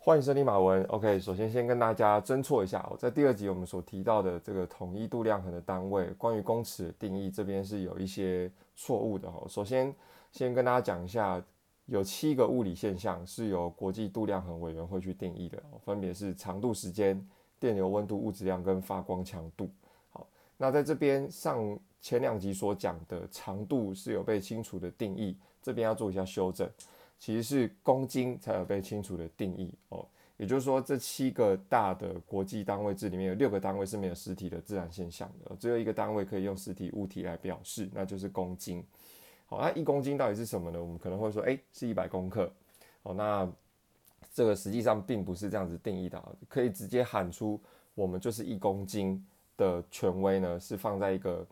歡迎收聽馬文。OK，首先先跟大家偵錯一下哦，在第二集我們所提到的這個統一度量衡的單位，關於公尺的定義，這邊是有一些錯誤的哈。首先，先跟大家講一下，有七個物理現象是由國際度量衡委員會去定義的，分別是長度、時間、電流、溫度、物質量跟發光強度。好，那在這邊上前兩集所講的長度是有被清楚的定義，這邊要做一下修正。其實是公斤才有被清楚的定義哦，也就是說，這七個大的國際單位制裡面有六個單位是沒有實體的自然現象的，只有一個單位可以用實體物體來表示，那就是公斤。好，那一公斤到底是什麼呢？我們可能會說，誒、欸，是一百公克。好，那這個實際上並不是這樣子定義的，可以直接喊出我們就是一公斤的權威呢，是放在一個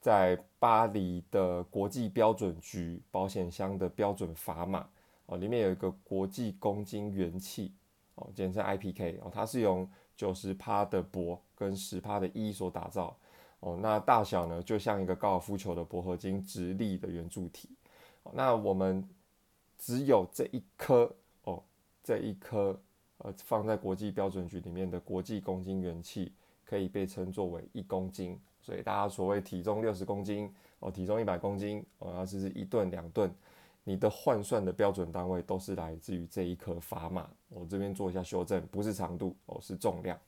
在巴黎的國際標準局保險箱的標準砝碼。哦、裡面有一個國際公斤原器，哦，簡稱 IPK，哦，它是用九十趴的鉑跟十趴的銥所打造，哦，那大小呢就像一個高爾夫球的鉑合金直立的圓柱體，哦，那我們只有這一顆，哦，這一顆，呃，放在國際標準局裡面的國際公斤原器可以被稱作為一公斤，所以大家所謂體重六十公斤，哦，體重一百公斤，哦，是一噸兩噸。你的換算的標準單位都是來自於這一顆砝碼。我這邊做一下修正，不是長度哦，是重量。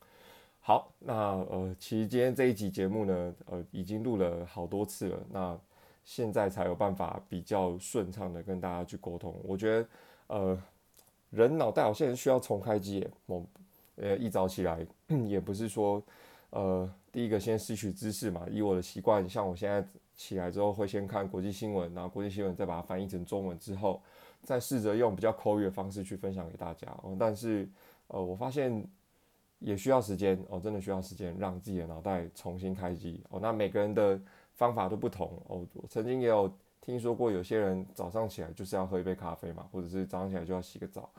好，那呃，其實今天這一集節目呢，呃，已經錄了好多次了，那現在才有辦法比較順暢的跟大家去溝通。我覺得呃，人腦袋好像需要重開機，我呃一早起來 也不是說呃第一個先吸取知識嘛。以我的習慣，像我現在。起來之後，會先看國際新聞，然後國際新聞再把它翻譯成中文之後，再試着用比較口語的方式去分享給大家哦。但是呃，我發現也需要時間哦，真的需要時間讓自己的腦袋重新開機哦。那每個人的方法都不同哦。我曾經也有聽說過，有些人早上起來就是要喝一杯咖啡嘛，或者是早上起來就要洗個澡。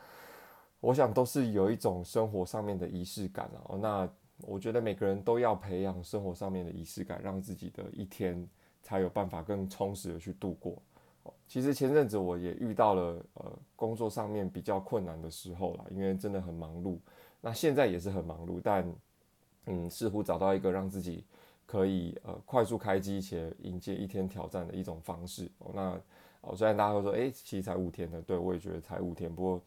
我想都是有一種生活上面的儀式感啊，哦。那我覺得每個人都要培養生活上面的儀式感，讓自己的一天才有辦法更充實的去度過。哦，其實前陣子我也遇到了，呃，工作上面比較困難的時候啦，因為真的很忙碌。那現在也是很忙碌，但嗯，似乎找到一個讓自己可以呃快速開機且迎接一天挑戰的一種方式。哦那哦，雖然大家都說，欸，其實才五天的，對我也覺得才五天。不過，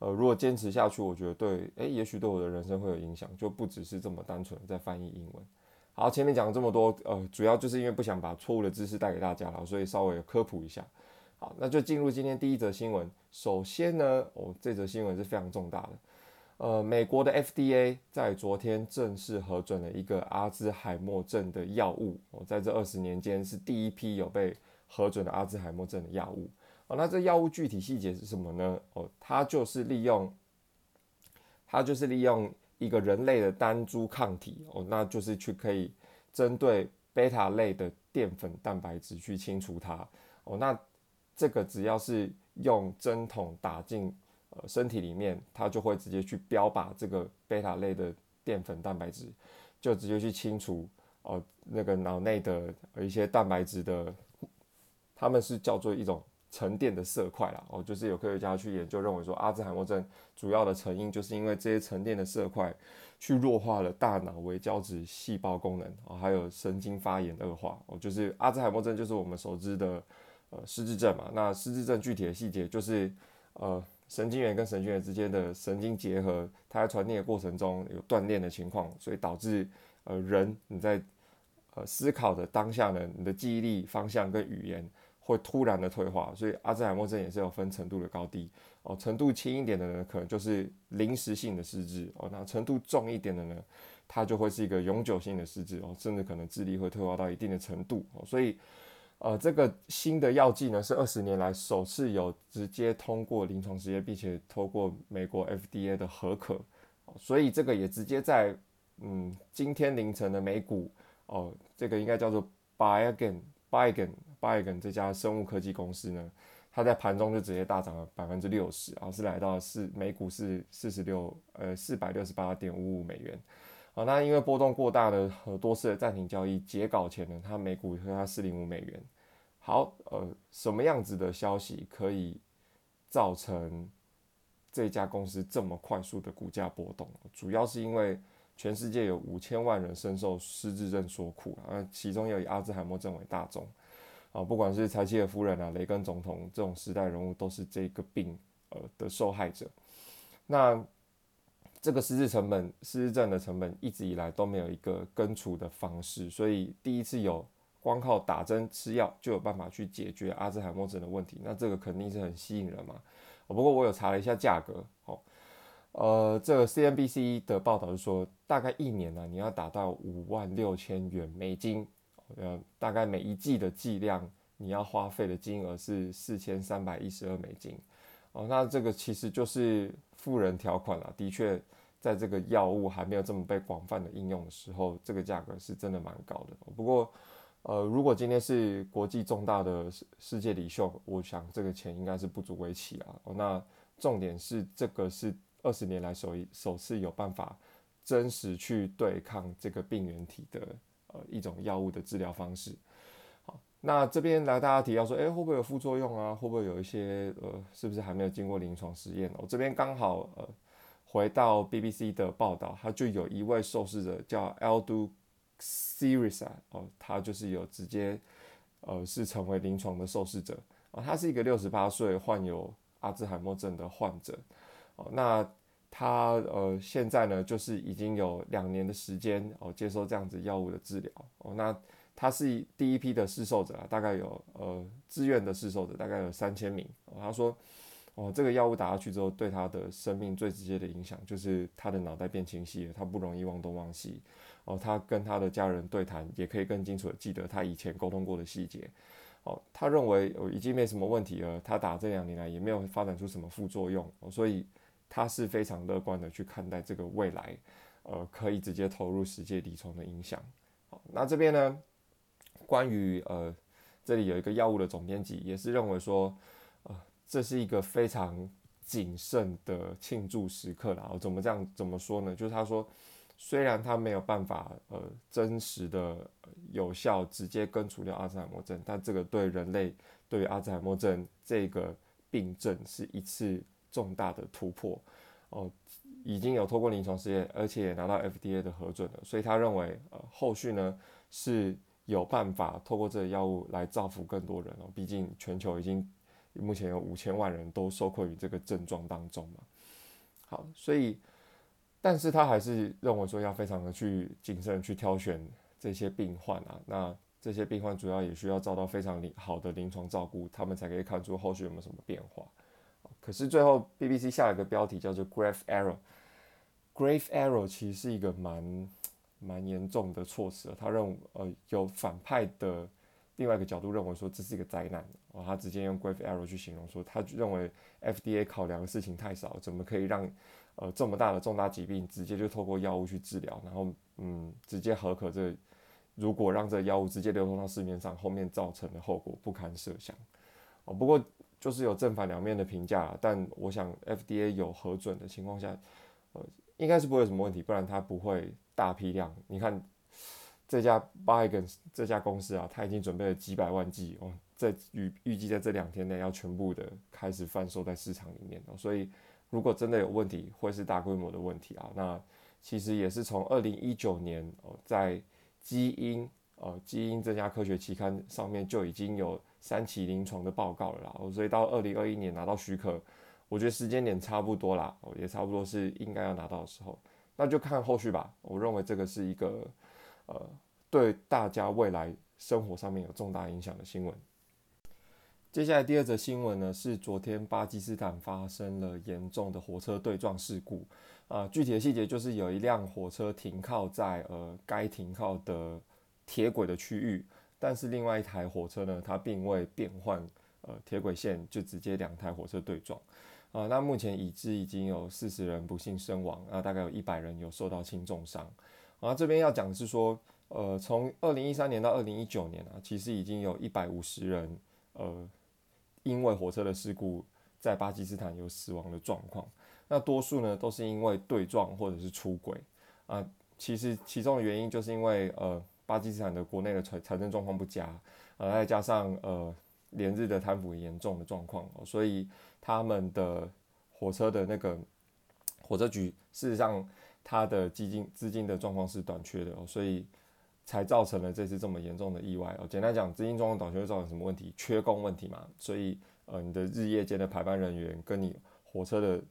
呃，如果堅持下去，我覺得對，欸，也許對我的人生會有影響，就不只是這麼單純在翻譯英文。好，前面講了這麼多，呃，主要就是因為不想把錯誤的知識帶給大家了，所以稍微科普一下。好，那就進入今天第一則新聞。首先呢，哦，這則新聞是非常重大的，呃，美國的 FDA 在昨天正式核准了一個阿茲海默症的藥物。哦，在這二十年間是第一批有被核准的阿茲海默症的藥物。哦，那這藥物具體細節是什麼呢？哦，它就是利用，它就是利用。一個人類的單株抗體哦，那就是去可以針對貝塔類的澱粉蛋白質去清除它哦。那這個只要是用針筒打進呃身體裡面，它就會直接去標靶這個貝塔類的澱粉蛋白質，就直接去清除哦，那個腦內的呃一些蛋白質的，他們是叫做一種。沉澱的色塊啦，哦，就是有科學家去研究，認為說阿茲海默症主要的成因就是因為這些沉澱的色塊去弱化了大腦微膠質細胞功能，哦，還有神經發炎惡化，哦，就是阿茲海默症就是我們熟知的呃失智症嘛。那失智症具體的細節就是呃神經元跟神經元之間的神經結合，它在傳遞的過程中有斷裂的情況，所以導致呃人你在呃思考的當下呢，你的記憶力、方向跟語言。會突然的退化，所以阿茲海默症也是有分程度的高低哦、呃。程度輕一點的呢，可能就是臨時性的失智哦。那、呃、程度重一點的呢，它就會是一個永久性的失智哦、呃，甚至可能智力會退化到一定的程度、呃、所以，呃，這個新的藥劑呢，是二十年來首次有直接通過臨床實驗，並且通過美國 FDA 的核可、呃，所以這個也直接在嗯今天凌晨的美股哦、呃，這個應該叫做 Biogen，Biogen Biogen 這家生物科技公司呢，它在盤中就直接大漲了百分之六十，啊，是來到了四每股是四十六，呃，四百六十八點五五美元，啊，那因為波動過大呢，和、呃、多次的暫停交易，截稿前呢，它每股和它四零五美元。好，呃，什麼樣子的消息可以造成這家公司這麼快速的股價波動？主要是因為全世界有五千萬人深受失智症所苦，啊，其中又以阿茲海默症為大宗。啊、哦，不管是柴契爾夫人啊、雷根總統這種時代人物，都是這個病呃的受害者。那這個失智成本、失智症的成本一直以來都沒有一個根除的方式，所以第一次有光靠打針吃藥就有辦法去解決阿茲海默症的問題，那這個肯定是很吸引人嘛。哦、不過我有查了一下價格，哦，呃，這個 C N B C 的報道是說，大概一年呢、啊，你要達到五萬六千元美金。呃，大概每一劑的劑量，你要花費的金額是四千三百一十二美金，哦，那這個其實就是富人條款了。的確，在這個藥物還沒有這麼被廣泛的應用的時候，這個價格是真的蠻高的。不過，呃，如果今天是國際重大的世世界領袖，我想這個錢應該是不足為奇啊，哦。那重點是，這個是二十年來首首次有辦法真實去對抗這個病原體的。呃，一種藥物的治療方式。好，那這邊來大家提到說，哎、欸，會不會有副作用啊？會不會有一些呃，是不是還沒有經過臨床實驗？我、哦、這邊剛好呃，回到 BBC 的報道，它就有一位受試者叫 El Du Cirisa 哦，他就是有直接呃，是成為臨床的受試者。哦、呃，他是一個六十八歲患有阿茲海默症的患者。哦、呃，那。他呃，現在呢，就是已經有兩年的時間哦，接受這樣子藥物的治療哦。那他是第一批的試受者啊，大概有呃自願的試受者大概有三千名。哦，他說哦，這個藥物打下去之後，對他的生命最直接的影響就是他的腦袋變清晰了，他不容易忘東忘西。哦，他跟他的家人對談也可以更清楚地記得他以前溝通過的細節。哦，他認為哦已經沒什麼問題了，他打這兩年來也沒有發展出什麼副作用，哦，所以。他是非常樂觀的去看待這個未來，呃，可以直接投入世界底層的影響。好，那這邊呢，關於呃，這裡有一個藥物的總編輯，也是認為說，呃，這是一個非常謹慎的慶祝時刻然後怎麼這樣？怎麼說呢？就是他說，雖然他沒有辦法呃，真實的、呃、有效直接根除掉阿茲海默症，但這個對人類對於阿茲海默症這個病症，是一次重大的突破哦，已經有透過臨床試驗，而且也拿到 FDA 的核准了，所以他認為呃，後續呢是有辦法透過這個藥物來造福更多人哦。畢竟全球已經目前有五千萬人都受困於這個症狀當中嘛。好，所以但是他還是認為說要非常的去謹慎去挑選這些病患啊，那這些病患主要也需要遭到非常臨好的臨床照顧，他們才可以看出後續有沒有什麼變化。可是最後，BBC 下一個標題叫做 grave error”。“grave error” 其實是一個蠻蠻嚴重的措辭，他認為，呃，有反派的另外一個角度認為說這是一個災難。哦，他直接用 grave error” 去形容說，他認為 FDA 考量的事情太少，怎麼可以讓呃這麼大的重大疾病直接就透過藥物去治療，然後嗯直接核可。這，如果讓這藥物直接流通到市面上，後面造成的後果不堪設想。哦，不過。就是有正反兩面的評價，但我想 FDA 有核准的情況下，呃，應該是不會有什麼問題，不然它不會大批量。你看這家 Biogen 這家公司啊，它已經準備了幾百萬劑哦，在預預計在這兩天內要全部的開始販售在市場裡面哦，所以如果真的有問題，會是大規模的問題啊。那其實也是從二零一九年哦，在《基因》哦，《基因》這家科學期刊上面就已經有。三期臨床的報告了，啦，所以到二零二一年拿到許可，我覺得時間點差不多啦，也差不多是應該要拿到的時候，那就看後續吧。我認為這個是一個，呃，對大家未來生活上面有重大影響的新聞。接下來第二則新聞呢，是昨天巴基斯坦發生了嚴重的火車對撞事故啊，呃，具體的細節就是有一輛火車停靠在呃該停靠的鐵軌的區域。但是另外一台火車呢，它並未變換呃鐵軌線，就直接兩台火車對撞，啊、呃，那目前已知已經有四十人不幸身亡，啊，大概有一百人有受到輕重傷。然後、啊、這邊要講的是說，呃，從二零一三年到二零一九年啊，其實已經有一百五十人，呃，因為火車的事故在巴基斯坦有死亡的狀況。那多數呢都是因為對撞或者是出軌，啊，其實其中的原因就是因為呃，巴基斯坦的國內的財財政狀況不佳，呃，再加上呃連日的貪腐嚴重的狀況哦，所以他們的火車的那個火車局，事實上它的基金資金的狀況是短缺的哦，所以才造成了這次這麼嚴重的意外哦。簡單講，資金狀況短缺會造成什麼問題？缺工問題嘛，所以呃你的日夜間的排班人員跟你火車的。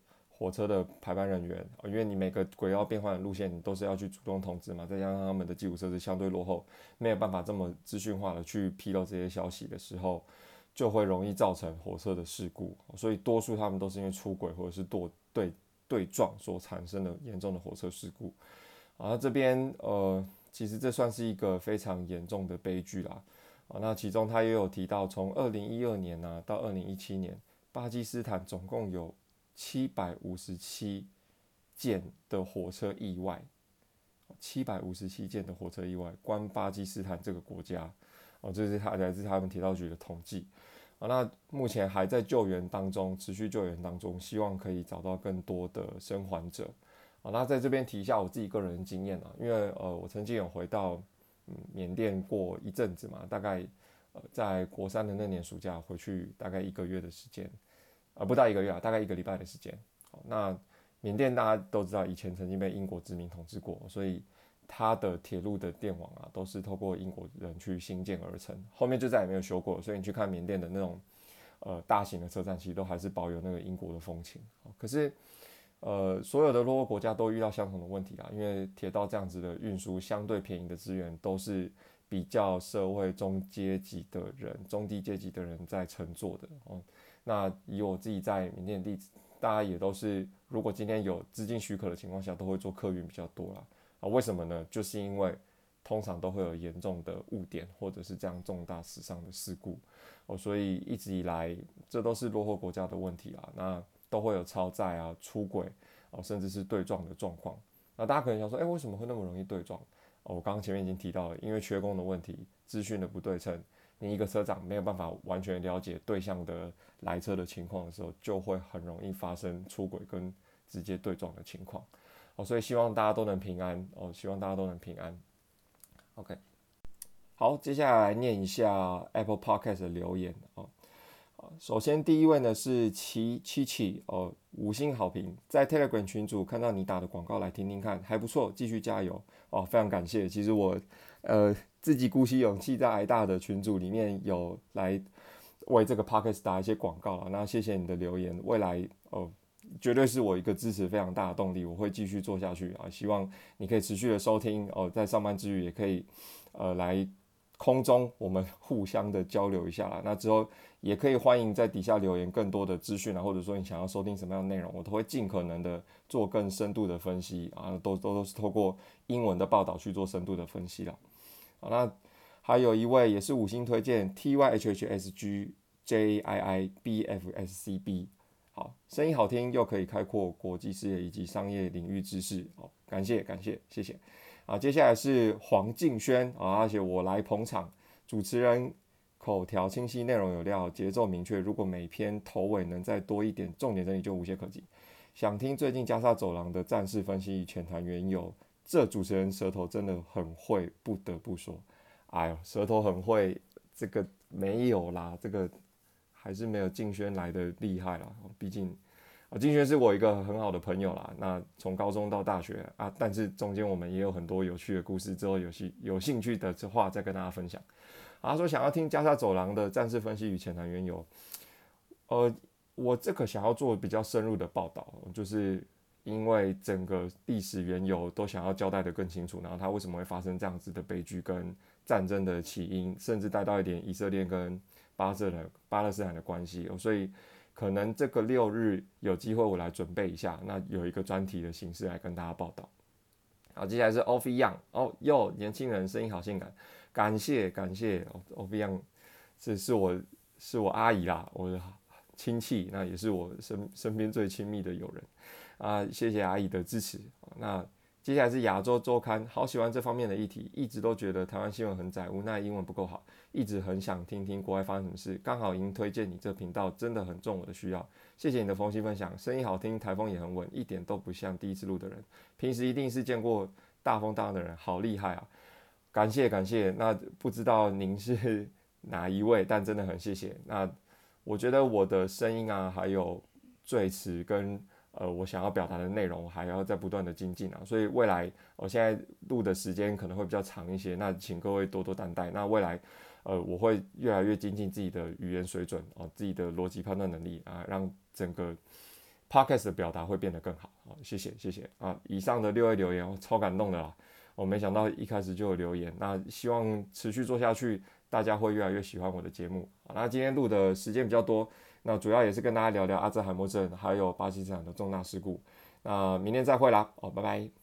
火車的排班人員，因為你每個軌道變換的路線你都是要去主動通知嘛，再加上他們的基礎設施相對落後，沒有辦法這麼資訊化的去披露這些消息的時候，就會容易造成火車的事故。所以多數他們都是因為出軌或者是墮對對撞所產生的嚴重的火車事故。啊，這邊呃，其實這算是一個非常嚴重的悲劇啦。啊，那其中他也有提到，啊，從二零一二年呢到二零一七年，巴基斯坦總共有。七百五十七件的火車意外，七百五十七件的火車意外，關巴基斯坦這個國家，哦、呃，這、就是他來自他們鐵道局的統計，啊、呃，那目前還在救援當中，持續救援當中，希望可以找到更多的生還者，啊、呃，那在這邊提一下我自己個人的經驗啊，因為呃，我曾經有回到嗯緬甸過一陣子嘛，大概呃在國三的那年暑假回去，大概一個月的時間。呃，不到一個月啊，大概一個禮拜的時間。好，那緬甸大家都知道，以前曾經被英國殖民統治過，所以它的鐵路的電網啊，都是透過英國人去興建而成，後面就再也沒有修過了。所以你去看緬甸的那種呃大型的車站，其實都還是保有那個英國的風情。可是呃，所有的落後國家都遇到相同的問題啊，因為鐵道這樣子的運輸相對便宜的資源都是。比較社會中階級的人，中低階級的人在乘坐的哦、嗯。那以我自己在緬甸的例子，大家也都是，如果今天有資金許可的情況下，都會坐客運比較多啦。啊，為什麼呢？就是因為通常都會有嚴重的誤點，或者是這樣重大死傷的事故哦。所以一直以來，這都是落後國家的問題啦。那都會有超載啊，出軌哦，甚至是對撞的狀況。那大家可能想說，誒、欸，為什麼會那麼容易對撞？哦，我剛剛前面已經提到了，因為缺工的問題，資訊的不對稱，你一個車長沒有辦法完全了解對象的來車的情況的時候，就會很容易發生出軌跟直接對撞的情況。哦，所以希望大家都能平安。哦，希望大家都能平安。OK，好，接下來念一下 Apple Podcast 的留言，哦。首先，第一位呢是琪琪琪哦，五星好評，在 Telegram 群組看到你打的廣告，來聽聽看，還不錯，繼續加油哦、呃！非常感謝。其實我呃自己鼓起勇氣，在挨大的群組裡面有來為這個 Podcast 打一些廣告了。那謝謝你的留言，未來哦、呃、絕對是我一個支持非常大的動力，我會繼續做下去啊、呃！希望你可以持續的收聽哦、呃，在上班之餘也可以呃來空中我們互相的交流一下啦。那之後。也可以歡迎在底下留言更多的資訊啊，或者說你想要收聽什麼樣的內容，我都會盡可能的做更深度的分析啊，都都都是透過英文的報道去做深度的分析了。好，那還有一位也是五星推薦，T Y H H S G J I I B F S C B，好，聲音好聽又可以開闊國際視野以及商業領域知識。好，感謝，感謝謝謝。啊，接下來是黃敬軒啊，而且我來捧場，主持人。口條清晰，內容有料，節奏明確。如果每篇頭尾能再多一點重點，這裡就無懈可擊。想聽最近加沙走廊的戰事分析，淺談緣由。這主持人舌頭真的很會，不得不說。哎呦，舌頭很會，這個沒有啦，這個還是沒有靜軒來的厲害啦。畢竟啊，靜軒是我一個很好的朋友啦。那從高中到大學啊，但是中間我們也有很多有趣的故事。之後有興有興趣的話，再跟大家分享。他說想要聽加沙走廊的戰事分析與淺談緣由。呃，我這個想要做比較深入的報道，就是因為整個歷史緣由都想要交代得更清楚，然後它為什麼會發生這樣子的悲劇跟戰爭的起因，甚至帶到一點以色列跟巴勒巴勒斯坦的關係，呃，所以可能這個六日有機會我來準備一下，那有一個專題的形式來跟大家報道。好，接下來是 o p h i Young，哦喲，yo, 年輕人聲音好性感。感謝感謝 o p h i 這是我，是我阿姨啦，我的親戚，那也是我身身邊最親密的友人啊，謝謝阿姨的支持。那接下來是亞洲週刊，好喜歡這方面的議題，一直都覺得台灣新聞很窄，無奈英文不夠好，一直很想聽聽國外發生什麼事，剛好已經推薦你這頻道，真的很重我的需要，謝謝你的分析分享，聲音好聽，台風也很穩，一點都不像第一次錄的人，平時一定是見過大風大浪的人，好厲害啊！感謝感謝，那不知道您是哪一位，但真的很謝謝。那我覺得我的聲音啊，還有措辭，跟呃我想要表達的內容，還要再不斷的精進啊，所以未來我、呃、現在錄的時間可能會比較長一些，那請各位多多擔待。那未來呃我會越來越精進自己的語言水準啊、呃，自己的邏輯判斷能力啊、呃，讓整個 podcast 的表達會變得更好。好、呃，謝謝謝謝啊、呃，以上的六位留言我超感動的啦。我、哦、沒想到一開始就有留言，那希望持續做下去，大家會越來越喜歡我的節目。好。那今天錄的時間比較多，那主要也是跟大家聊聊阿茲海默症，還有巴基斯坦的重大事故。那明天再會啦，哦，拜拜。